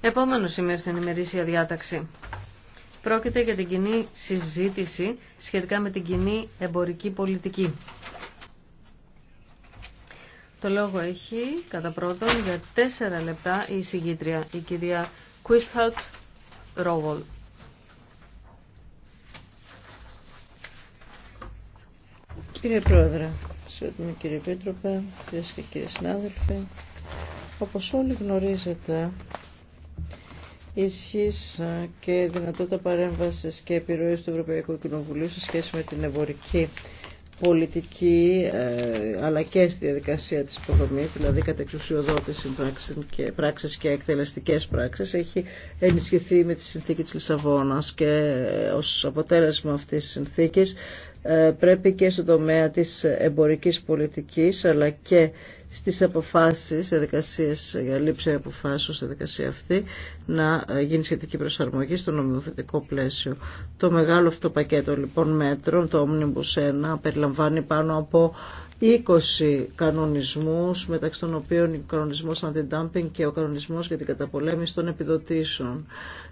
Επόμενο σημείο στην ημερήσια διάταξη. Πρόκειται για την κοινή συζήτηση σχετικά με την κοινή εμπορική πολιτική. Το λόγο έχει κατά πρώτον για τέσσερα λεπτά η συγγήτρια, η κυρία Κουίστχαλτ Ρόβολ. Κύριε Πρόεδρε, κύριε Πέτροπε, κυρίες και κύριοι συνάδελφοι, όπως όλοι γνωρίζετε, ισχύς και δυνατότητα παρέμβασης και επιρροής του Ευρωπαϊκού Κοινοβουλίου σε σχέση με την εμπορική πολιτική ε, αλλά και στη διαδικασία της υποδομής, δηλαδή κατά εξουσιοδότηση και, πράξεις και εκτελεστικές πράξεις, έχει ενισχυθεί με τη συνθήκη της Λισαβόνας και ε, ως αποτέλεσμα αυτής της συνθήκης ε, πρέπει και στον τομέα της εμπορικής πολιτικής αλλά και στις αποφάσεις, δικασίες για λήψη σε δικασία αυτή, να ε, γίνει σχετική προσαρμογή στο νομοθετικό πλαίσιο. Το μεγάλο αυτό πακέτο λοιπόν μέτρων, το Omnibus 1, περιλαμβάνει πάνω από 20 κανονισμούς, μεταξύ των οποίων ο κανονισμός αντι-dumping και ο κανονισμός για την καταπολέμηση των επιδοτήσεων.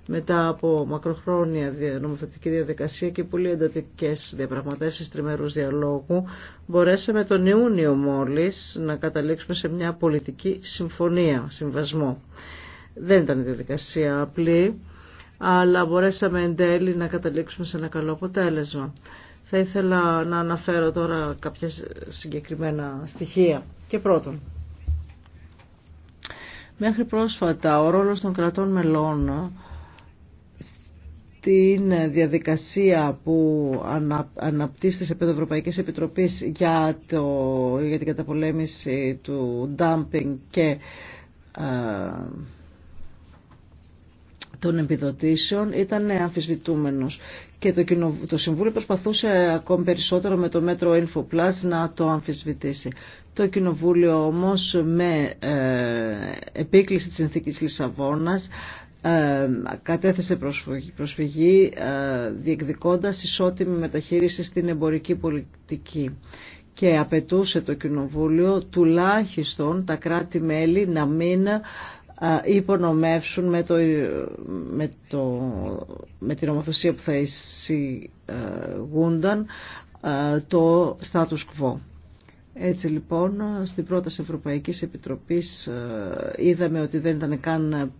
Μετά από μακροχρόνια νομοθετική διαδικασία και πολύ εντατικές διαπραγματεύσεις τριμερούς διαλόγου, μπορέσαμε τον Ιούνιο μόλις να καταλήξουμε σε μια πολιτική συμφωνία, συμβασμό. Δεν ήταν η διαδικασία απλή, αλλά μπορέσαμε εν τέλει να καταλήξουμε σε ένα καλό αποτέλεσμα. Θα ήθελα να αναφέρω τώρα κάποια συγκεκριμένα στοιχεία. Και πρώτον, μέχρι πρόσφατα ο ρόλος των κρατών μελών την διαδικασία που αναπτύσσεται σε επίπεδο Ευρωπαϊκής για, το, για την καταπολέμηση του dumping και ε, των επιδοτήσεων ήταν αμφισβητούμενος και το, Συμβούλιο προσπαθούσε ακόμη περισσότερο με το μέτρο InfoPlus να το αμφισβητήσει. Το Κοινοβούλιο όμως με ε, επίκληση της συνθήκης Λισαβόνας ε, κατέθεσε προσφυγή, προσφυγή ε, διεκδικώντας ισότιμη μεταχείριση στην εμπορική πολιτική και απαιτούσε το Κοινοβούλιο τουλάχιστον τα κράτη-μέλη να μην ε, υπονομεύσουν με, με, με την ομοθεσία που θα εισηγούνταν το status quo. Έτσι λοιπόν, στην πρόταση Ευρωπαϊκής Επιτροπής ε, είδαμε ότι δεν ήταν καν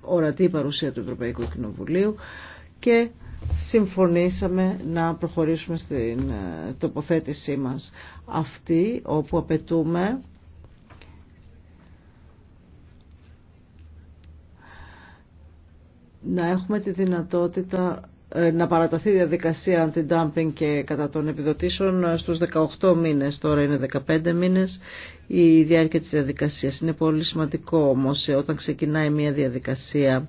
ορατή η παρουσία του Ευρωπαϊκού Κοινοβουλίου και συμφωνήσαμε να προχωρήσουμε στην ε, τοποθέτησή μας αυτή όπου απαιτούμε να έχουμε τη δυνατότητα ε, να παραταθεί η διαδικασία αντι-dumping και κατά των επιδοτήσεων ε, στους 18 μήνες, τώρα είναι 15 μήνες η διάρκεια της διαδικασίας. Είναι πολύ σημαντικό όμως ε, όταν ξεκινάει μια διαδικασία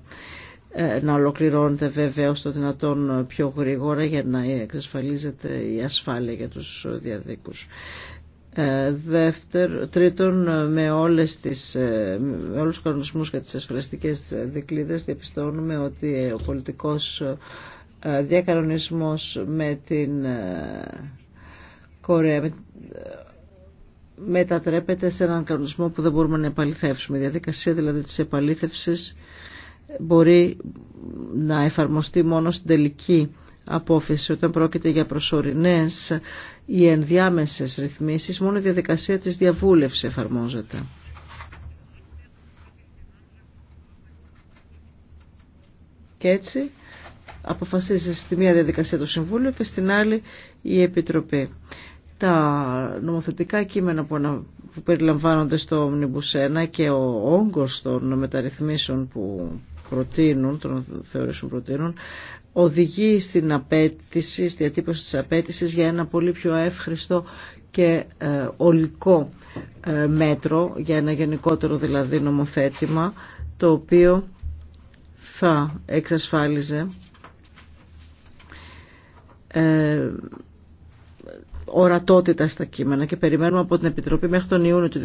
να ολοκληρώνεται βέβαια ως το δυνατόν πιο γρήγορα για να εξασφαλίζεται η ασφάλεια για τους διαδίκους. Δεύτερο, τρίτον, με, όλες τις, με όλους τους κανονισμούς και τις ασφαλιστικές διαπιστώνουμε ότι ο πολιτικός ε, διακανονισμός με την ε, Κορέα ε, μετατρέπεται σε έναν κανονισμό που δεν μπορούμε να επαληθεύσουμε. Η διαδικασία δηλαδή της επαλήθευσης μπορεί να εφαρμοστεί μόνο στην τελική απόφαση όταν πρόκειται για προσωρινές ή ενδιάμεσες ρυθμίσεις μόνο η διαδικασία της διαβούλευσης εφαρμόζεται. Και έτσι αποφασίζει στη μία διαδικασία το Συμβούλιο και στην άλλη η Επιτροπή. Τα νομοθετικά κείμενα που, περιλαμβάνονται στο Omnibus και ο όγκος των μεταρρυθμίσεων που προτείνουν, των θεωρήσεων προτείνουν, οδηγεί στην απέτηση, στη διατύπωση της απέτηση για ένα πολύ πιο εύχριστο και ε, ολικό ε, μέτρο, για ένα γενικότερο δηλαδή νομοθέτημα, το οποίο θα εξασφάλιζε ε, ορατότητα στα κείμενα και περιμένουμε από την Επιτροπή μέχρι τον Ιούνιο του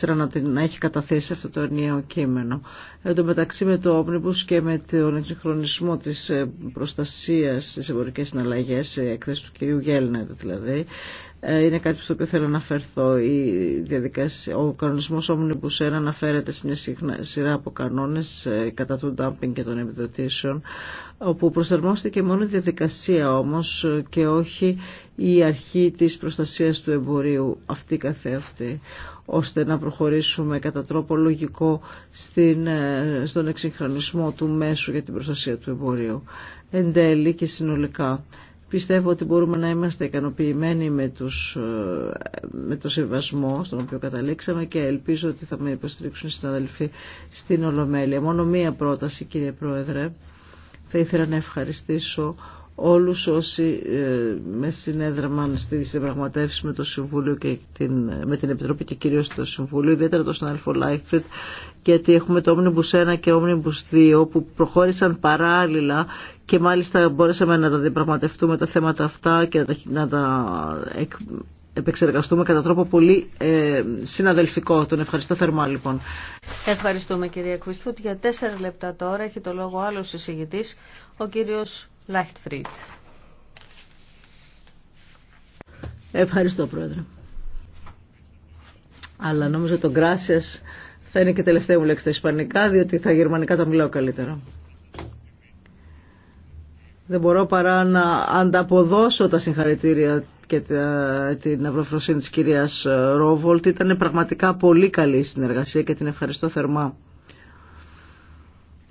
2014 να, έχει καταθέσει αυτό το νέο κείμενο. Εν τω μεταξύ με το Omnibus και με τον εξυγχρονισμό της ε, προστασίας στις εμπορικές συναλλαγές, έκθεση ε, του κυρίου Γέλνερ δηλαδή, ε, είναι κάτι στο οποίο θέλω να αναφερθώ. Η ο κανονισμός Omnibus 1 αναφέρεται σε μια σειρά από κανόνες ε, κατά του dumping και των επιδοτήσεων, όπου προσαρμόστηκε μόνο η διαδικασία όμως και όχι η αρχή της προστασίας του εμπορίου αυτή καθεαυτή, ώστε να προχωρήσουμε κατά τρόπο λογικό ε, στον εξυγχρονισμό του μέσου για την προστασία του εμπορίου. Εν τέλει και συνολικά Πιστεύω ότι μπορούμε να είμαστε ικανοποιημένοι με, τους, ε, με το σεβασμό στον οποίο καταλήξαμε και ελπίζω ότι θα με υποστηρίξουν οι συναδελφοί στην Ολομέλεια. Μόνο μία πρόταση κύριε Πρόεδρε. Θα ήθελα να ευχαριστήσω όλους όσοι ε, με συνέδραμαν στη συμπραγματεύση με το Συμβούλιο και την, με την Επιτροπή και κυρίως το Συμβούλιο, ιδιαίτερα το ΣΝΑΛΦΟ Λάιφριτ, γιατί έχουμε το Omnibus 1 και Omnibus 2 που προχώρησαν παράλληλα και μάλιστα μπόρεσαμε να τα διαπραγματευτούμε τα θέματα αυτά και να τα επεξεργαστούμε κατά τρόπο πολύ ε, συναδελφικό. Τον ευχαριστώ θερμά λοιπόν. Ευχαριστούμε κυρία Κουιστούτ. Για τέσσερα λεπτά τώρα έχει το λόγο άλλος εισηγητής, ο κύριος Ευχαριστώ, Πρόεδρε. Αλλά νομίζω το «gracias» θα είναι και τελευταία μου λέξη στα ισπανικά, διότι τα γερμανικά τα μιλάω καλύτερα. Δεν μπορώ παρά να ανταποδώσω τα συγχαρητήρια και την ευρωφροσύνη της κυρίας Ρόβολτ. Ήταν πραγματικά πολύ καλή η συνεργασία και την ευχαριστώ θερμά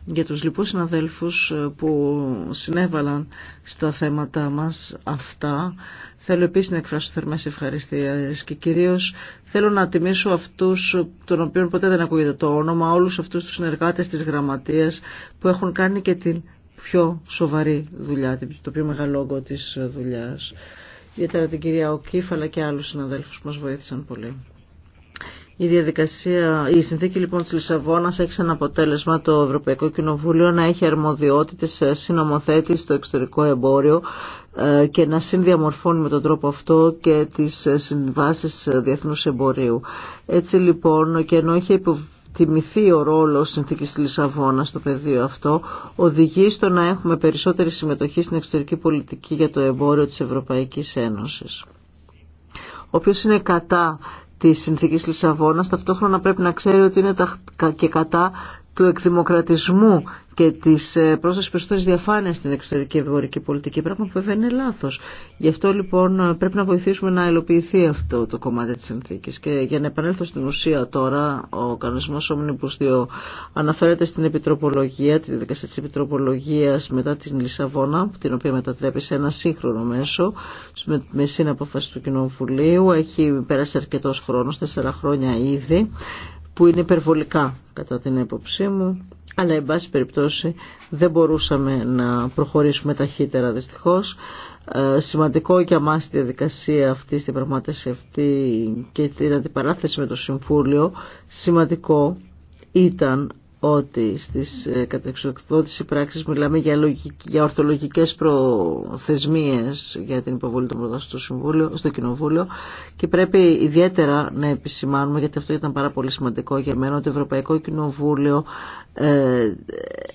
για τους λοιπούς συναδέλφους ε, που συνέβαλαν στα θέματα μας αυτά. Θέλω επίσης να εκφράσω θερμές ευχαριστίες και κυρίως θέλω να τιμήσω αυτούς των οποίων ποτέ δεν ακούγεται το όνομα, όλους αυτούς τους συνεργάτες της γραμματείας που έχουν κάνει και την πιο σοβαρή δουλειά, το πιο μεγάλο όγκο της δουλειάς. Ιδιαίτερα την κυρία Οκύφαλα και άλλους συναδέλφους που μας βοήθησαν πολύ. Η διαδικασία, η συνθήκη λοιπόν της Λισαβόνας έχει σαν αποτέλεσμα το Ευρωπαϊκό Κοινοβούλιο να έχει αρμοδιότητες ε, συνομοθέτης στο εξωτερικό εμπόριο ε, και να συνδιαμορφώνει με τον τρόπο αυτό και τις ε, συμβάσεις διεθνούς εμπορίου. Έτσι λοιπόν και ενώ έχει υποτιμήθεί ο ρόλος συνθήκης της Λισαβόνας στο πεδίο αυτό, οδηγεί στο να έχουμε περισσότερη συμμετοχή στην εξωτερική πολιτική για το εμπόριο της Ευρωπαϊκής Ένωσης. Όποιος είναι κατά της συνθήκης Λισαβόνας, ταυτόχρονα πρέπει να ξέρει ότι είναι τα και κατά του εκδημοκρατισμού και τη ε, πρόσθεση περισσότερη διαφάνεια στην εξωτερική ευρωπαϊκή πολιτική. Πράγμα που βέβαια είναι λάθο. Γι' αυτό λοιπόν πρέπει να βοηθήσουμε να υλοποιηθεί αυτό το κομμάτι τη συνθήκη. Και για να επανέλθω στην ουσία τώρα, ο κανονισμό Omnibus 2 αναφέρεται στην επιτροπολογία, τη διαδικασία τη επιτροπολογία μετά την Λισαβόνα, την οποία μετατρέπει σε ένα σύγχρονο μέσο, με συναποφάση του Κοινοβουλίου. Έχει πέρασει αρκετό χρόνο, τέσσερα χρόνια ήδη που είναι υπερβολικά κατά την έποψή μου αλλά εν πάση περιπτώσει δεν μπορούσαμε να προχωρήσουμε ταχύτερα δυστυχώς. Ε, σημαντικό για μα τη διαδικασία αυτή, στην πραγματεύση αυτή και την αντιπαράθεση με το Συμφούλιο, σημαντικό ήταν ότι στις ε, κατεξοδότηση πράξεις μιλάμε για, λογική, για ορθολογικές προθεσμίες για την υποβολή των προτάσεων στο, Συμβούλιο, στο Κοινοβούλιο και πρέπει ιδιαίτερα να επισημάνουμε, γιατί αυτό ήταν πάρα πολύ σημαντικό για μένα, ότι το Ευρωπαϊκό Κοινοβούλιο ε,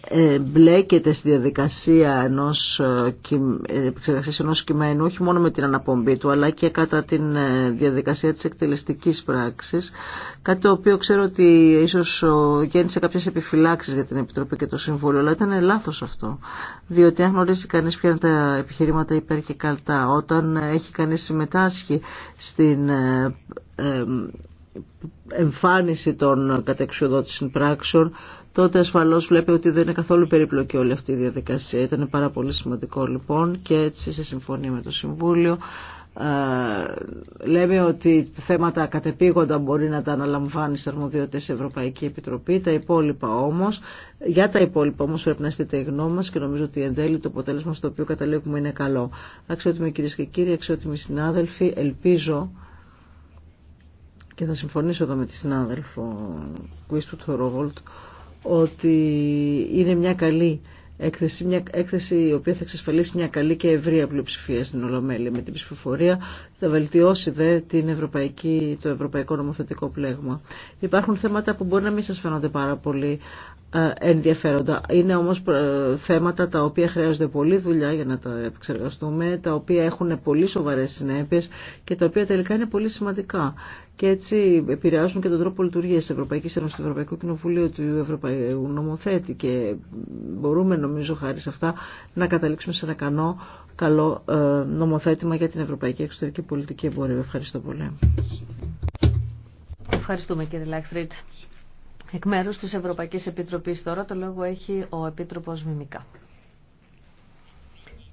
ε, μπλέκεται στη διαδικασία ενός, ε, ενός κειμένου όχι μόνο με την αναπομπή του αλλά και κατά τη διαδικασία της εκτελεστικής πράξης κάτι το οποίο ξέρω ότι ίσως γέννησε κάποιες επιφυλάξεις για την Επιτροπή και το Συμβούλιο αλλά ήταν λάθος αυτό διότι αν γνωρίζει κανείς ποια είναι τα επιχειρήματα υπέρ και καλτά όταν έχει κανείς συμμετάσχει στην εμφάνιση των κατεξιοδότησης πράξεων τότε ασφαλώς βλέπετε ότι δεν είναι καθόλου περίπλοκη όλη αυτή η διαδικασία. Ήταν πάρα πολύ σημαντικό λοιπόν και έτσι σε συμφωνία με το Συμβούλιο ε, λέμε ότι θέματα κατεπήγοντα μπορεί να τα αναλαμβάνει σε αρμοδιότητες Ευρωπαϊκή Επιτροπή, τα υπόλοιπα όμως, για τα υπόλοιπα όμως πρέπει να στείλετε η γνώμη μας και νομίζω ότι εν τέλει το αποτέλεσμα στο οποίο καταλήγουμε είναι καλό. Αξιότιμοι κυρίες και κύριοι, αξιότιμοι συνάδελφοι, ελπίζω και θα συμφωνήσω εδώ με τη συνάδελφο Κουίστου Θορόβολτ, ότι είναι μια καλή έκθεση, μια έκθεση η οποία θα εξασφαλίσει μια καλή και ευρία πλειοψηφία στην Ολομέλεια με την ψηφοφορία, θα βελτιώσει δε την ευρωπαϊκή, το ευρωπαϊκό νομοθετικό πλέγμα. Υπάρχουν θέματα που μπορεί να μην σας φαίνονται πάρα πολύ ε, ενδιαφέροντα. Είναι όμως ε, θέματα τα οποία χρειάζονται πολλή δουλειά για να τα επεξεργαστούμε, τα οποία έχουν πολύ σοβαρές συνέπειες και τα οποία τελικά είναι πολύ σημαντικά. Και έτσι επηρεάζουν και τον τρόπο λειτουργίας της Ευρωπαϊκής Ένωσης, του Ευρωπαϊκού Κοινοβουλίου, του Ευρωπαϊκού Νομοθέτη και μπορούμε νομίζω χάρη σε αυτά να καταλήξουμε σε ένα κανό, καλό ε, νομοθέτημα για την Ευρωπαϊκή Εξωτερική Πολιτική Εμπορία. Ευχαριστώ πολύ. Ευχαριστούμε κύριε Λάκφριτ. Εκ μέρους της Ευρωπαϊκής Επιτροπής τώρα το λόγο έχει ο Επίτροπος Μιμικά.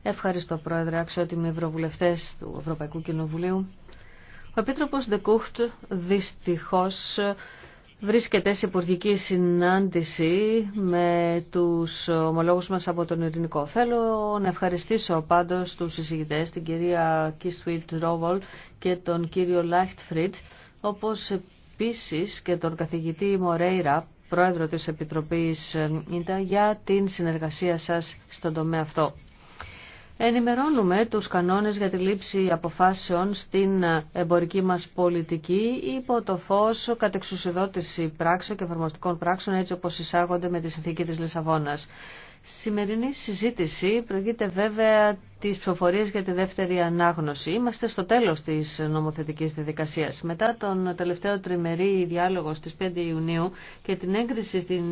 Ευχαριστώ Πρόεδρε, αξιότιμοι Ευρωβουλευτές του Ευρωπαϊκού Κοινοβουλίου. Ο Επίτροπος Δεκούχτ δυστυχώς βρίσκεται σε υπουργική συνάντηση με τους ομολόγους μας από τον Ειρηνικό. Θέλω να ευχαριστήσω πάντως τους συζητητές, την κυρία Κίστουιτ Ρόβολ και τον κύριο Λάχτφριντ, όπως επίσης και τον καθηγητή Μορέιρα, πρόεδρο της Επιτροπής ε, ΙΝΤΑ, για την συνεργασία σας στον τομέα αυτό. Ενημερώνουμε τους κανόνες για τη λήψη αποφάσεων στην ε, εμπορική μας πολιτική υπό το φως κατεξουσιοδότηση πράξεων και εφαρμοστικών πράξεων έτσι όπως εισάγονται με τη συνθήκη της Λισαβόνας. Σημερινή συζήτηση προηγείται βέβαια της ψηφοφορίες για τη δεύτερη ανάγνωση. Είμαστε στο τέλος της νομοθετικής διαδικασίας. Μετά τον τελευταίο τριμερή διάλογο στις 5 Ιουνίου και την έγκριση στην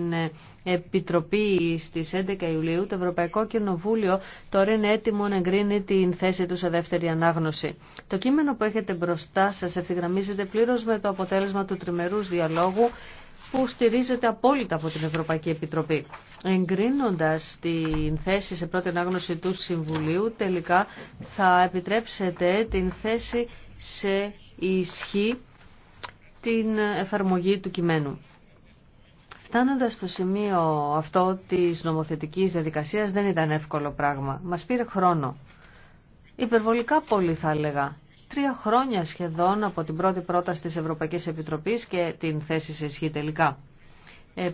Επιτροπή στις 11 Ιουλίου, το Ευρωπαϊκό Κοινοβούλιο τώρα είναι έτοιμο να εγκρίνει την θέση του σε δεύτερη ανάγνωση. Το κείμενο που έχετε μπροστά σας ευθυγραμμίζεται πλήρως με το αποτέλεσμα του τριμερούς διαλόγου που στηρίζεται απόλυτα από την Ευρωπαϊκή Επιτροπή. Εγκρίνοντας την θέση σε πρώτη ανάγνωση του Συμβουλίου, τελικά θα επιτρέψετε την θέση σε ισχύ την εφαρμογή του κειμένου. Φτάνοντα στο σημείο αυτό της νομοθετική διαδικασίας δεν ήταν εύκολο πράγμα. Μα πήρε χρόνο. Υπερβολικά πολύ θα έλεγα. Τρία χρόνια σχεδόν από την πρώτη πρόταση της Ευρωπαϊκής Επιτροπής και την θέση σε ισχύ τελικά. Ε,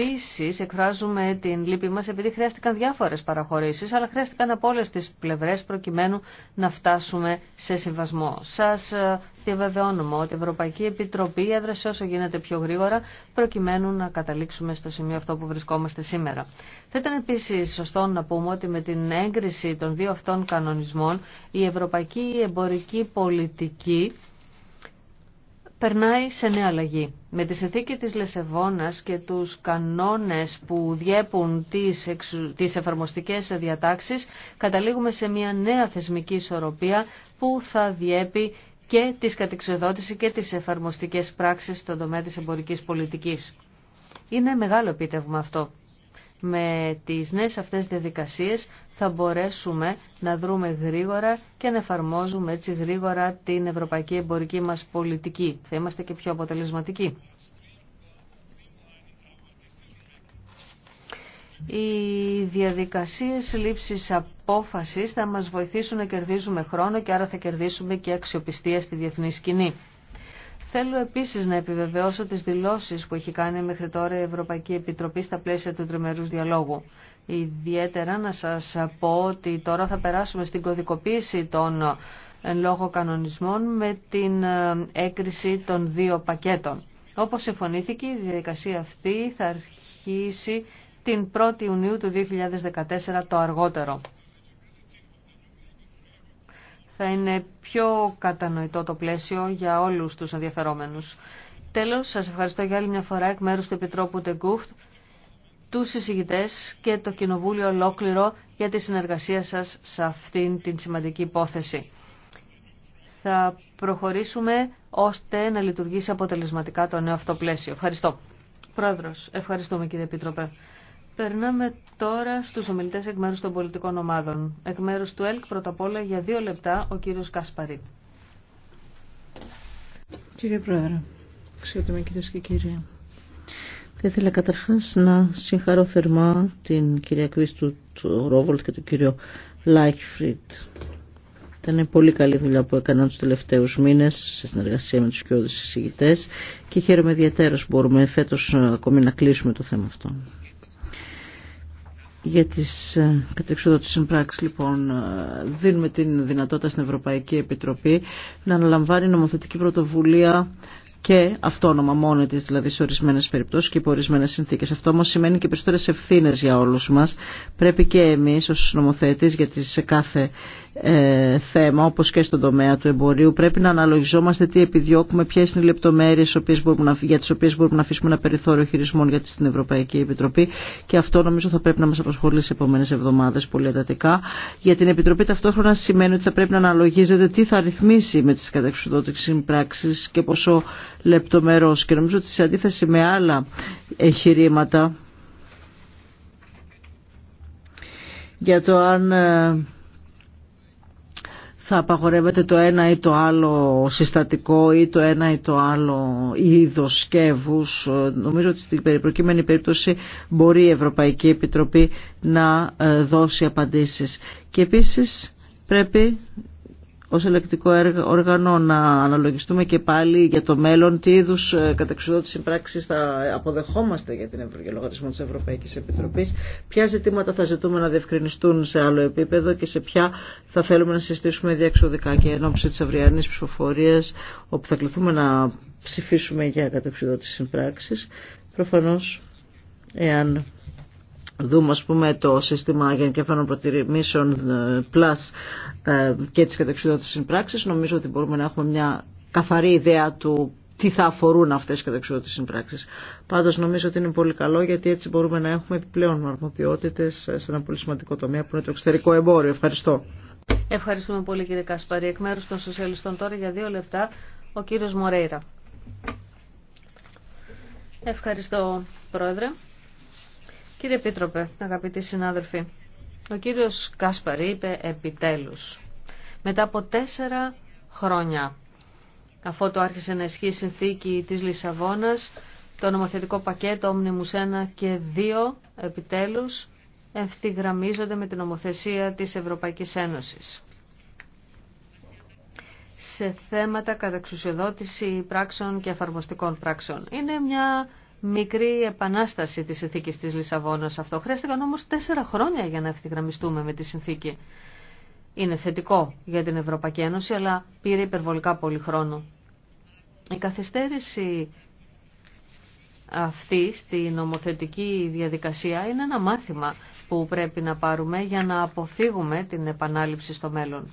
Επίσης εκφράζουμε την λύπη μας επειδή χρειάστηκαν διάφορες παραχωρήσεις, αλλά χρειάστηκαν από όλε τις πλευρές προκειμένου να φτάσουμε σε συμβασμό. Σας ε, διαβεβαιώνουμε ότι η Ευρωπαϊκή Επιτροπή έδρασε όσο γίνεται πιο γρήγορα προκειμένου να καταλήξουμε στο σημείο αυτό που βρισκόμαστε σήμερα. Θα ήταν επίσης σωστό να πούμε ότι με την έγκριση των δύο αυτών κανονισμών η Ευρωπαϊκή Εμπορική Πολιτική περνάει σε νέα αλλαγή. Με τη συνθήκη της Λεσεβόνας και τους κανόνες που διέπουν τις, εξου... τις εφαρμοστικές διατάξεις, καταλήγουμε σε μια νέα θεσμική ισορροπία που θα διέπει και τις κατεξοδότηση και τις εφαρμοστικές πράξεις στον τομέα της εμπορικής πολιτικής. Είναι μεγάλο επίτευγμα αυτό. Με τις νέες αυτές διαδικασίες θα μπορέσουμε να δρούμε γρήγορα και να εφαρμόζουμε έτσι γρήγορα την ευρωπαϊκή εμπορική μας πολιτική. Θα είμαστε και πιο αποτελεσματικοί. Οι διαδικασίες λήψης απόφασης θα μας βοηθήσουν να κερδίζουμε χρόνο και άρα θα κερδίσουμε και αξιοπιστία στη διεθνή σκηνή. Θέλω επίσης να επιβεβαιώσω τις δηλώσεις που έχει κάνει μέχρι τώρα η Ευρωπαϊκή Επιτροπή στα πλαίσια του τριμερούς διαλόγου. Ιδιαίτερα να σας πω ότι τώρα θα περάσουμε στην κωδικοποίηση των ε, λόγω κανονισμών με την ε, έκριση των δύο πακέτων. Όπως συμφωνήθηκε, η διαδικασία αυτή θα αρχίσει την 1η Ιουνίου του 2014 το αργότερο θα είναι πιο κατανοητό το πλαίσιο για όλους τους ενδιαφερόμενους. Τέλος, σας ευχαριστώ για άλλη μια φορά εκ μέρους του Επιτρόπου Τεγκούφτ, του συζητητές και το Κοινοβούλιο ολόκληρο για τη συνεργασία σας σε αυτήν την σημαντική υπόθεση. Θα προχωρήσουμε ώστε να λειτουργήσει αποτελεσματικά το νέο αυτό πλαίσιο. Ευχαριστώ. Πρόεδρος, ευχαριστούμε κύριε Επίτροπε. Περνάμε τώρα στους ομιλητές εκ μέρους των πολιτικών ομάδων. Εκ μέρους του ΕΛΚ πρώτα απ' όλα για δύο λεπτά ο κύριος Κασπαρή. Κύριε Πρόεδρε, αξιότιμα κυρίε και κύριοι. Θα ήθελα καταρχάς να συγχαρώ θερμά την κυρία Κρίστου του Ρόβολτ και τον κύριο Λάιχφριτ. Ήταν πολύ καλή δουλειά που έκαναν τους τελευταίους μήνες σε συνεργασία με τους κοιόδους εισηγητές και χαίρομαι ιδιαίτερω που μπορούμε φέτος ακόμη να κλείσουμε το θέμα αυτό. Για τις ε, κατεξοδότητες συμπράξεις λοιπόν ε, δίνουμε την δυνατότητα στην Ευρωπαϊκή Επιτροπή να αναλαμβάνει νομοθετική πρωτοβουλία και αυτόνομα μόνη τη, δηλαδή σε ορισμένε περιπτώσει και υπό ορισμένε συνθήκε. Αυτό όμω σημαίνει και περισσότερε ευθύνε για όλου μα. Πρέπει και εμεί ω νομοθέτη, γιατί σε κάθε ε, θέμα, όπω και στον τομέα του εμπορίου, πρέπει να αναλογιζόμαστε τι επιδιώκουμε, ποιε είναι οι λεπτομέρειε για τι οποίε μπορούμε να αφήσουμε ένα περιθώριο χειρισμών για την Ευρωπαϊκή Επιτροπή. Και αυτό νομίζω θα πρέπει να μα απασχολεί σε επόμενε εβδομάδε πολύ εντατικά. Για την Επιτροπή ταυτόχρονα σημαίνει ότι θα πρέπει να αναλογίζεται τι θα ρυθμίσει με τι κατεξουδότηξει πράξει και πόσο λεπτομερώς και νομίζω ότι σε αντίθεση με άλλα εγχειρήματα για το αν ε, θα απαγορεύεται το ένα ή το άλλο συστατικό ή το ένα ή το άλλο είδο σκεύου. Ε, νομίζω ότι στην προκειμένη περίπτωση μπορεί η Ευρωπαϊκή σκευου νομιζω οτι στην περιπροκειμενη περιπτωση μπορει η ευρωπαικη επιτροπη να ε, δώσει απαντήσεις. Και επίσης πρέπει ως ελεκτικό όργανο να αναλογιστούμε και πάλι για το μέλλον τι είδου ε, κατεξουδότηση πράξης θα αποδεχόμαστε για, την, για λογαριασμό της Ευρωπαϊκής Επιτροπής, ποια ζητήματα θα ζητούμε να διευκρινιστούν σε άλλο επίπεδο και σε ποια θα θέλουμε να συστήσουμε διεξοδικά και εν ώψη της αυριανής όπου θα κληθούμε να ψηφίσουμε για κατεξουδότηση πράξης. Προφανώς, εάν δούμε ας πούμε το σύστημα γενικεφανοπροτηρημίσεων προτιμήσεων ε, plus ε, και τις κατεξουδότητες συμπράξεις νομίζω ότι μπορούμε να έχουμε μια καθαρή ιδέα του τι θα αφορούν αυτές οι στην συμπράξεις. Πάντως νομίζω ότι είναι πολύ καλό γιατί έτσι μπορούμε να έχουμε επιπλέον αρμοδιότητες σε ένα πολύ σημαντικό τομέα που είναι το εξωτερικό εμπόριο. Ευχαριστώ. Ευχαριστούμε πολύ κύριε Κασπαρή. Εκ μέρους των σοσιαλιστών τώρα για δύο λεπτά ο κύριος Μορέιρα. Ευχαριστώ πρόεδρε. Κύριε Επίτροπε, αγαπητοί συνάδελφοι, ο κύριος Κάσπαρη είπε επιτέλους. Μετά από τέσσερα χρόνια, αφού το άρχισε να ισχύει η συνθήκη της Λισαβόνας, το νομοθετικό πακέτο ομνημούς 1 και 2 επιτέλους ευθυγραμμίζονται με την νομοθεσία της Ευρωπαϊκής Ένωσης. Σε θέματα καταξουσιοδότηση πράξεων και εφαρμοστικών πράξεων. Είναι μια μικρή επανάσταση της συνθήκης της Λισαβόνας αυτό. Χρειάστηκαν όμως τέσσερα χρόνια για να ευθυγραμμιστούμε με τη συνθήκη. Είναι θετικό για την Ευρωπαϊκή Ένωση, αλλά πήρε υπερβολικά πολύ χρόνο. Η καθυστέρηση αυτή στη νομοθετική διαδικασία είναι ένα μάθημα που πρέπει να πάρουμε για να αποφύγουμε την επανάληψη στο μέλλον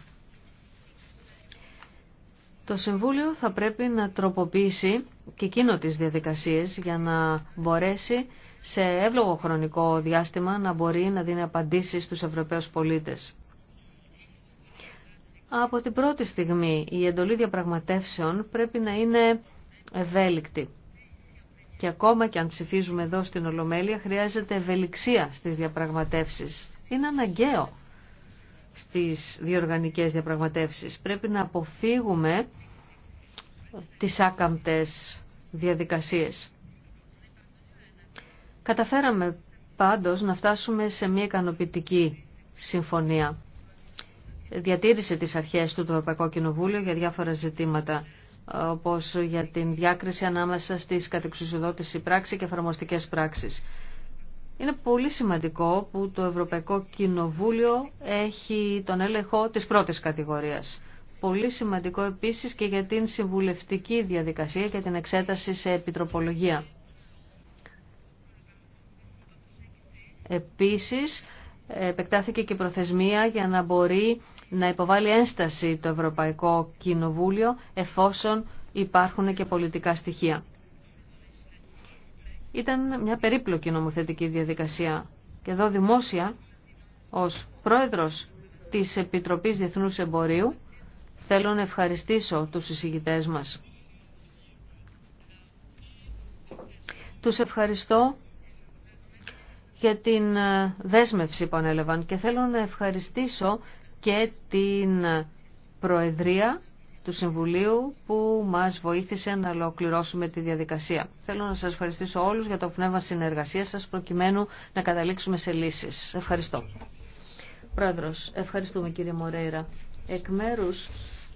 το Συμβούλιο θα πρέπει να τροποποιήσει και εκείνο τις διαδικασίες για να μπορέσει σε εύλογο χρονικό διάστημα να μπορεί να δίνει απαντήσεις στους Ευρωπαίους πολίτες. Από την πρώτη στιγμή η εντολή διαπραγματεύσεων πρέπει να είναι ευέλικτη. Και ακόμα και αν ψηφίζουμε εδώ στην Ολομέλεια χρειάζεται ευελιξία στις διαπραγματεύσεις. Είναι αναγκαίο στις διοργανικές διαπραγματεύσεις. Πρέπει να αποφύγουμε τις άκαμπτες διαδικασίες. Καταφέραμε πάντως να φτάσουμε σε μια ικανοποιητική συμφωνία. Διατήρησε τις αρχές του το Ευρωπαϊκό Κοινοβούλιο για διάφορα ζητήματα, όπως για την διάκριση ανάμεσα στις κατεξουσιοδότηση πράξη και εφαρμοστικές πράξεις. Είναι πολύ σημαντικό που το Ευρωπαϊκό Κοινοβούλιο έχει τον έλεγχο της πρώτης κατηγορίας. Πολύ σημαντικό επίσης και για την συμβουλευτική διαδικασία και την εξέταση σε επιτροπολογία. Επίσης, επεκτάθηκε και προθεσμία για να μπορεί να υποβάλει ένσταση το Ευρωπαϊκό Κοινοβούλιο εφόσον υπάρχουν και πολιτικά στοιχεία. Ήταν μια περίπλοκη νομοθετική διαδικασία. Και εδώ δημόσια, ως πρόεδρος της Επιτροπής Διεθνούς Εμπορίου, θέλω να ευχαριστήσω τους συζητητές μας. Τους ευχαριστώ για την ε, δέσμευση που ανέλαβαν και θέλω να ευχαριστήσω και την ε, Προεδρία του Συμβουλίου που μας βοήθησε να ολοκληρώσουμε τη διαδικασία. Θέλω να σας ευχαριστήσω όλους για το πνεύμα συνεργασίας σας προκειμένου να καταλήξουμε σε λύσεις. Ευχαριστώ. Πρόεδρος, ευχαριστούμε κύριε Μορέιρα. Εκ μέρους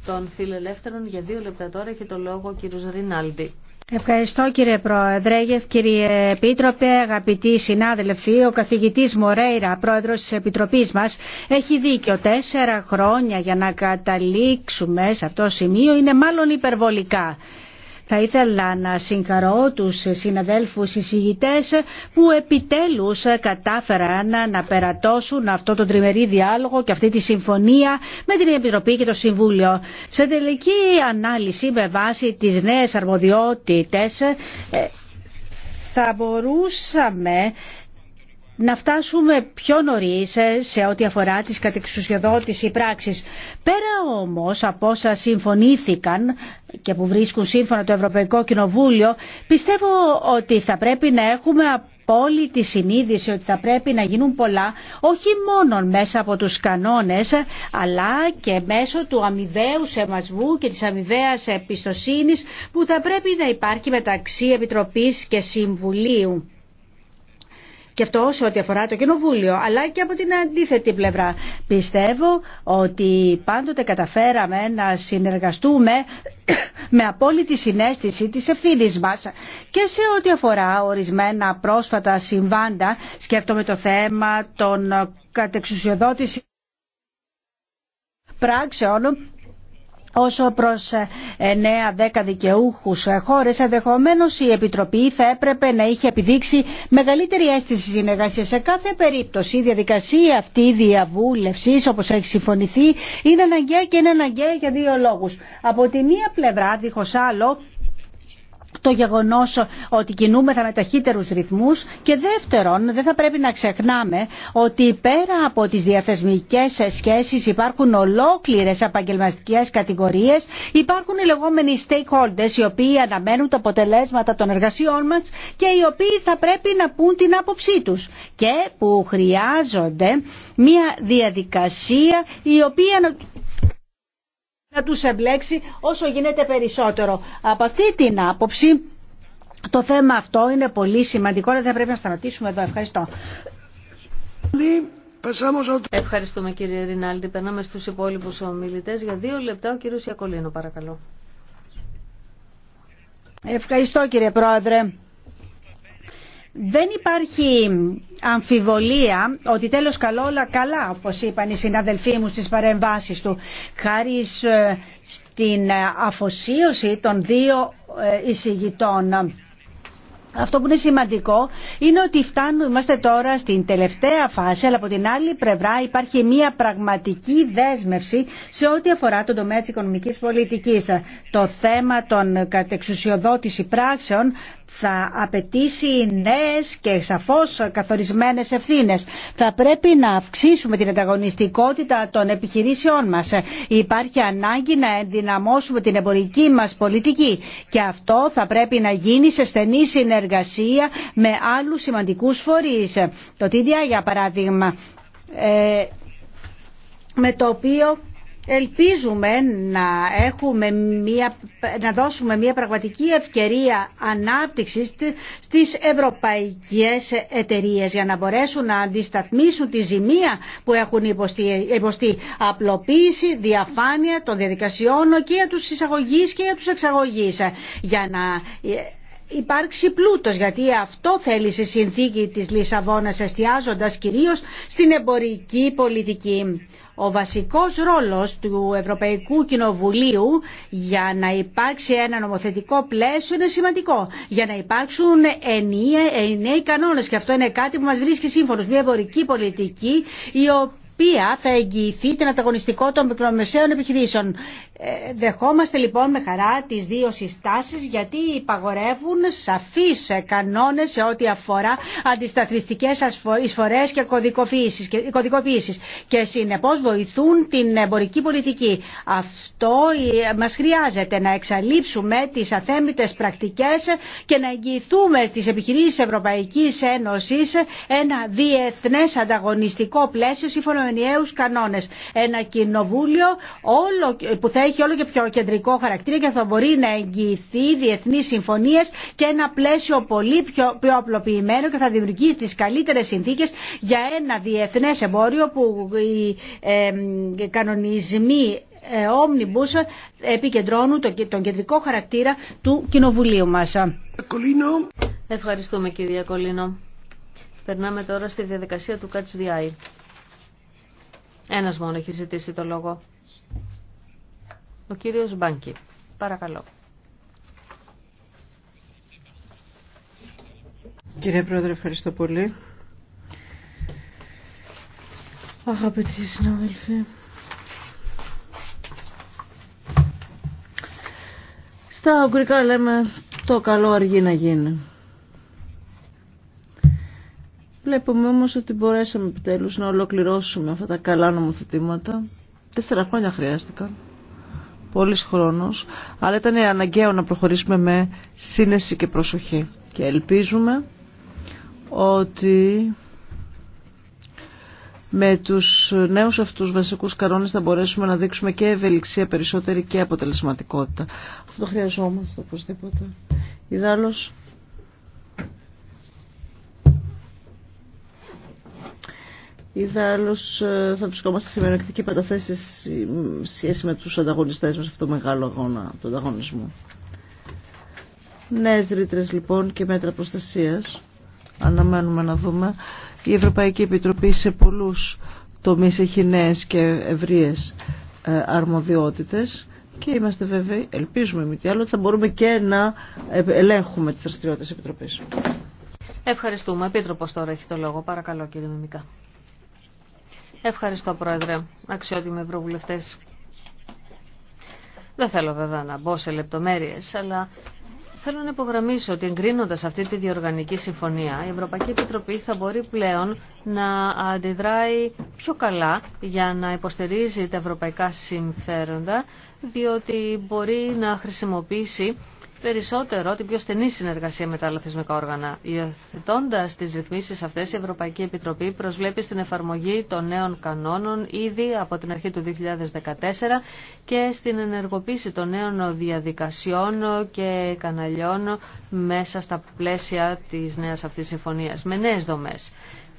των φιλελεύθερων για δύο λεπτά τώρα έχει το λόγο ο κύριος Ρινάλντι. Ευχαριστώ κύριε Πρόεδρε, κύριε Επίτροπε, αγαπητοί συνάδελφοι. Ο καθηγητής Μορέιρα, πρόεδρος της Επιτροπής μας, έχει δίκιο. Τέσσερα χρόνια για να καταλήξουμε σε αυτό το σημείο είναι μάλλον υπερβολικά. Θα ήθελα να συγχαρώ τους συναδέλφους εισηγητές που επιτέλους κατάφεραν να περατώσουν αυτό το τριμερή διάλογο και αυτή τη συμφωνία με την Επιτροπή και το Συμβούλιο. Σε τελική ανάλυση με βάση τις νέες αρμοδιότητες ε, θα μπορούσαμε να φτάσουμε πιο νωρί ε, σε ό,τι αφορά τις κατεξουσιοδότηση πράξεις. Πέρα όμως από όσα συμφωνήθηκαν και που βρίσκουν σύμφωνα το Ευρωπαϊκό Κοινοβούλιο, πιστεύω ότι θα πρέπει να έχουμε απόλυτη συνείδηση ότι θα πρέπει να γίνουν πολλά, όχι μόνο μέσα από τους κανόνες, αλλά και μέσω του αμοιβαίου σεβασμού και της αμοιβαίας εμπιστοσύνη που θα πρέπει να υπάρχει μεταξύ Επιτροπής και Συμβουλίου και αυτό σε ό,τι αφορά το Κοινοβούλιο, αλλά και από την αντίθετη πλευρά. Πιστεύω ότι πάντοτε καταφέραμε να συνεργαστούμε με απόλυτη συνέστηση της ευθύνη μας και σε ό,τι αφορά ορισμένα πρόσφατα συμβάντα, σκέφτομαι το θέμα των κατεξουσιοδότηση πράξεων Όσο προς 9-10 ε, δικαιούχους ε, χώρες, ενδεχομένω η Επιτροπή θα έπρεπε να είχε επιδείξει μεγαλύτερη αίσθηση συνεργασία. Σε κάθε περίπτωση η διαδικασία αυτή διαβούλευσης όπως έχει συμφωνηθεί είναι αναγκαία και είναι αναγκαία για δύο λόγους. Από τη μία πλευρά, δίχως άλλο, το γεγονός ότι κινούμεθα με ταχύτερους ρυθμούς και δεύτερον δεν θα πρέπει να ξεχνάμε ότι πέρα από τις διαθεσμικές σχέσεις υπάρχουν ολόκληρες επαγγελματικέ κατηγορίες, υπάρχουν οι λεγόμενοι stakeholders οι οποίοι αναμένουν τα αποτελέσματα των εργασιών μας και οι οποίοι θα πρέπει να πούν την άποψή τους και που χρειάζονται μια διαδικασία η οποία να τους εμπλέξει όσο γίνεται περισσότερο. Από αυτή την άποψη το θέμα αυτό είναι πολύ σημαντικό, δεν πρέπει να σταματήσουμε εδώ. Ευχαριστώ. Ευχαριστούμε κύριε Ρινάλντι. Περνάμε στους υπόλοιπους ομιλητές. Για δύο λεπτά ο κύριος Ιακολίνο παρακαλώ. Ευχαριστώ κύριε Πρόεδρε. Δεν υπάρχει αμφιβολία ότι τέλος καλό όλα καλά, όπως είπαν οι συναδελφοί μου στις παρεμβάσεις του. Χάρη ε, στην ε, αφοσίωση των δύο ε, εισηγητών. Αυτό που είναι σημαντικό είναι ότι φτάνουμε, είμαστε τώρα στην τελευταία φάση, αλλά από την άλλη πλευρά υπάρχει μια πραγματική δέσμευση σε ό,τι αφορά τον τομέα της οικονομικής πολιτικής. Το θέμα των κατεξουσιοδότηση πράξεων θα απαιτήσει νέε και σαφώ καθορισμένες ευθύνε. Θα πρέπει να αυξήσουμε την ανταγωνιστικότητα των επιχειρήσεών μας. Υπάρχει ανάγκη να ενδυναμώσουμε την εμπορική μας πολιτική και αυτό θα πρέπει να γίνει σε στενή συνεργασία με άλλους σημαντικούς φορείς. Το TDI για παράδειγμα ε, με το οποίο Ελπίζουμε να, έχουμε μια, να δώσουμε μια πραγματική ευκαιρία ανάπτυξης στις ευρωπαϊκές εταιρείες για να μπορέσουν να αντισταθμίσουν τη ζημία που έχουν υποστεί, απλοποίηση, διαφάνεια των διαδικασιών και για τους εισαγωγείς και για τους εξαγωγείς για να υπάρξει πλούτος γιατί αυτό θέλει στη συνθήκη της Λισαβόνας εστιάζοντας κυρίως στην εμπορική πολιτική. Ο βασικός ρόλος του Ευρωπαϊκού Κοινοβουλίου για να υπάρξει ένα νομοθετικό πλαίσιο είναι σημαντικό. Για να υπάρξουν ενιαίοι κανόνες και αυτό είναι κάτι που μας βρίσκει σύμφωνος. Μια εμπορική πολιτική η οποία οποία θα εγγυηθεί την ανταγωνιστικό των μικρομεσαίων επιχειρήσεων. Ε, δεχόμαστε λοιπόν με χαρά τις δύο συστάσεις γιατί υπαγορεύουν σαφείς κανόνες σε ό,τι αφορά αντισταθμιστικές εισφορές και κωδικοποίησεις και συνεπώς βοηθούν την εμπορική πολιτική. Αυτό ε, μας χρειάζεται να εξαλείψουμε τις αθέμητες πρακτικές και να εγγυηθούμε στις επιχειρήσεις Ευρωπαϊκής Ένωσης ένα διεθνές ανταγωνιστικό πλαίσιο σύμφωνα ενιαίους κανόνες. Ένα κοινοβούλιο όλο, που θα έχει όλο και πιο κεντρικό χαρακτήρα και θα μπορεί να εγγυηθεί διεθνείς συμφωνίες και ένα πλαίσιο πολύ πιο, πιο απλοποιημένο και θα δημιουργήσει τις καλύτερες συνθήκες για ένα διεθνές εμπόριο που οι ε, ε, κανονισμοί ε, επικεντρώνουν τον κεντρικό χαρακτήρα του κοινοβουλίου μα. Ευχαριστούμε κύριε Κολίνο. Περνάμε τώρα στη διαδικασία του Catch ένας μόνο έχει ζητήσει το λόγο. Ο κύριος Μπάνκι. Παρακαλώ. Κύριε Πρόεδρε, ευχαριστώ πολύ. Αγαπητοί συνάδελφοι. Στα ουγγρικά λέμε το καλό αργεί να γίνει. Βλέπουμε όμως ότι μπορέσαμε επιτέλους να ολοκληρώσουμε αυτά τα καλά νομοθετήματα. Τέσσερα χρόνια χρειάστηκαν. Πολύς χρόνος. Αλλά ήταν αναγκαίο να προχωρήσουμε με σύνεση και προσοχή. Και ελπίζουμε ότι με τους νέους αυτούς βασικούς κανόνες θα μπορέσουμε να δείξουμε και ευελιξία περισσότερη και αποτελεσματικότητα. Αυτό το χρειαζόμαστε οπωσδήποτε. Ιδάλλως άλλω ε, θα βρισκόμαστε σε μειονεκτική σε σχέση με τους ανταγωνιστές μας αυτό το μεγάλο αγώνα του ανταγωνισμού. Νέε ρητρε λοιπόν και μέτρα προστασία, Αναμένουμε να δούμε. Η Ευρωπαϊκή Επιτροπή σε πολλού τομεί έχει νέε και ευρείε αρμοδιότητε, και είμαστε βέβαιοι, ελπίζουμε μη τι άλλο, ότι θα μπορούμε και να ε, ελέγχουμε τι δραστηριότητε της Ευχαριστούμε. Επίτροπο τώρα έχει το λόγο. Παρακαλώ κύριε Μιμικά. Ευχαριστώ Πρόεδρε, αξιότιμοι ευρωβουλευτές. Δεν θέλω βέβαια να μπω σε λεπτομέρειες, αλλά θέλω να υπογραμμίσω ότι εγκρίνοντα αυτή τη διοργανική συμφωνία, η Ευρωπαϊκή Επιτροπή θα μπορεί πλέον να αντιδράει πιο καλά για να υποστηρίζει τα ευρωπαϊκά συμφέροντα, διότι μπορεί να χρησιμοποιήσει περισσότερο την πιο στενή συνεργασία με τα άλλα όργανα. Υιοθετώντα τι ρυθμίσει αυτέ, η Ευρωπαϊκή Επιτροπή προσβλέπει στην εφαρμογή των νέων κανόνων ήδη από την αρχή του 2014 και στην ενεργοποίηση των νέων διαδικασιών και καναλιών μέσα στα πλαίσια τη νέα αυτή συμφωνία με νέε δομέ.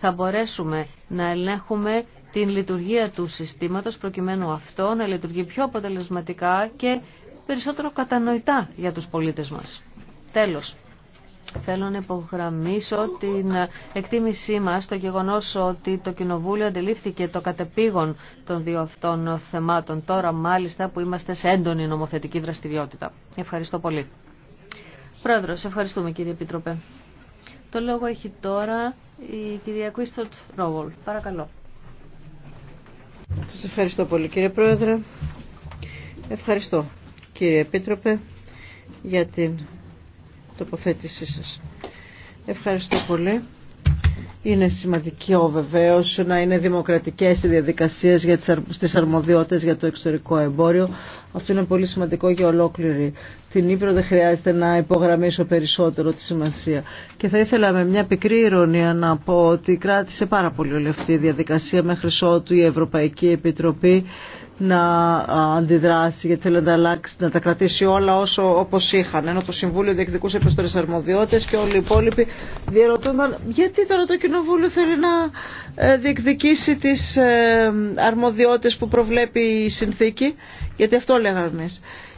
Θα μπορέσουμε να ελέγχουμε την λειτουργία του συστήματος προκειμένου αυτό να λειτουργεί πιο αποτελεσματικά και περισσότερο κατανοητά για τους πολίτες μας. Τέλος. Θέλω να υπογραμμίσω την εκτίμησή μας στο γεγονός ότι το Κοινοβούλιο αντιλήφθηκε το κατεπήγον των δύο αυτών θεμάτων τώρα μάλιστα που είμαστε σε έντονη νομοθετική δραστηριότητα. Ευχαριστώ πολύ. Πρόεδρος, ευχαριστούμε κύριε Επίτροπε. Το λόγο έχει τώρα η κυρία Κουίστοτ Ρόβολ. Παρακαλώ. Σας ευχαριστώ πολύ κύριε Πρόεδρε. Ευχαριστώ κύριε Επίτροπε, για την τοποθέτησή σας. Ευχαριστώ πολύ. Είναι σημαντικό βεβαίω να είναι δημοκρατικές οι για στι αρμοδιότητες για το εξωτερικό εμπόριο. Αυτό είναι πολύ σημαντικό για ολόκληρη την Ήπειρο. Δεν χρειάζεται να υπογραμμίσω περισσότερο τη σημασία. Και θα ήθελα με μια πικρή ηρωνία να πω ότι κράτησε πάρα πολύ όλη αυτή η διαδικασία μέχρι ότου η Ευρωπαϊκή Επιτροπή να αντιδράσει γιατί θέλει να, αλλάξει, να τα κρατήσει όλα όσο όπως είχαν ενώ το Συμβούλιο διεκδικούσε επιστολές αρμοδιότητες και όλοι οι υπόλοιποι διερωτούνταν γιατί τώρα το Κοινοβούλιο θέλει να ε, διεκδικήσει τις ε, αρμοδιότητες που προβλέπει η συνθήκη γιατί αυτό λέγαμε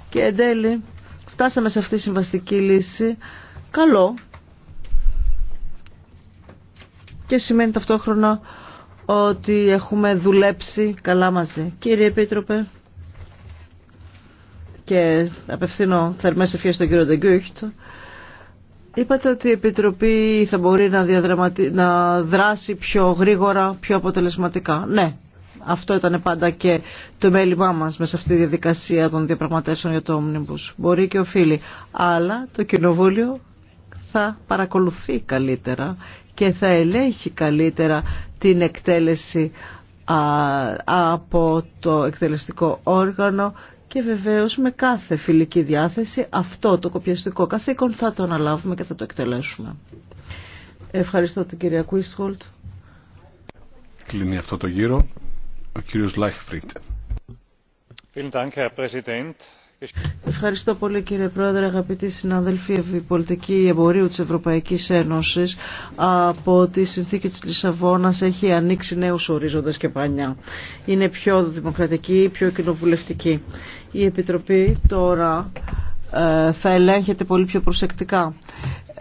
Και εν τέλει φτάσαμε σε αυτή τη συμβαστική λύση. Καλό. Και σημαίνει ταυτόχρονα ότι έχουμε δουλέψει καλά μαζί. Κύριε Επίτροπε, και απευθύνω θερμές ευχές στον κύριο Ντεγκούχτ, είπατε ότι η Επιτροπή θα μπορεί να, διαδραματι... να δράσει πιο γρήγορα, πιο αποτελεσματικά. Ναι, αυτό ήταν πάντα και το μέλημά μας μέσα σε αυτή τη διαδικασία των διαπραγματεύσεων για το Omnibus. Μπορεί και οφείλει. Αλλά το Κοινοβούλιο θα παρακολουθεί καλύτερα και θα ελέγχει καλύτερα την εκτέλεση από το εκτελεστικό όργανο και βεβαίως με κάθε φιλική διάθεση αυτό το κοπιαστικό καθήκον θα το αναλάβουμε και θα το εκτελέσουμε. Ευχαριστώ την κυρία Κουίστχολτ. Κλείνει αυτό το γύρο. Ευχαριστώ πολύ κύριε Πρόεδρε, αγαπητοί συναδελφοί, η πολιτική εμπορίου της Ευρωπαϊκής Ένωσης από τη συνθήκη της Λισαβόνας έχει ανοίξει νέους ορίζοντες και πανιά. Είναι πιο δημοκρατική, πιο κοινοβουλευτική. Η Επιτροπή τώρα ε, θα ελέγχεται πολύ πιο προσεκτικά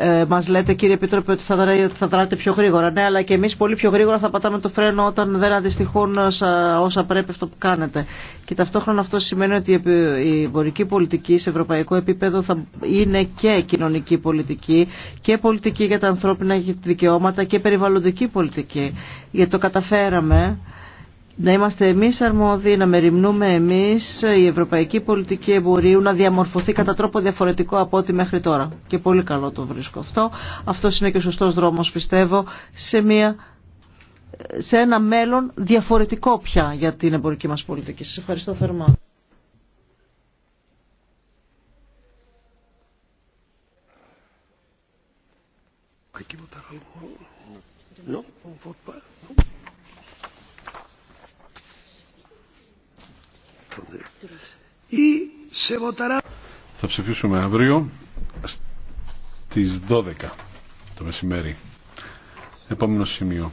ε, μας λέτε κύριε Επίτροπε ότι θα, δρά, θα δράτε πιο γρήγορα. Ναι, αλλά και εμείς πολύ πιο γρήγορα θα πατάμε το φρένο όταν δεν αντιστοιχούν όσα, όσα πρέπει αυτό που κάνετε. Και ταυτόχρονα αυτό σημαίνει ότι η εμπορική πολιτική σε ευρωπαϊκό επίπεδο θα είναι και κοινωνική πολιτική και πολιτική για τα ανθρώπινα δικαιώματα και περιβαλλοντική πολιτική. Γιατί το καταφέραμε να είμαστε εμείς αρμόδιοι, να μεριμνούμε εμείς η ευρωπαϊκή πολιτική εμπορίου να διαμορφωθεί κατά τρόπο διαφορετικό από ό,τι μέχρι τώρα. Και πολύ καλό το βρίσκω αυτό. Αυτό είναι και ο σωστός δρόμος πιστεύω σε, μια, σε ένα μέλλον διαφορετικό πια για την εμπορική μας πολιτική. Σας ευχαριστώ θερμά. Θα ψηφίσουμε αύριο στις 12 το μεσημέρι. Επόμενο σημείο.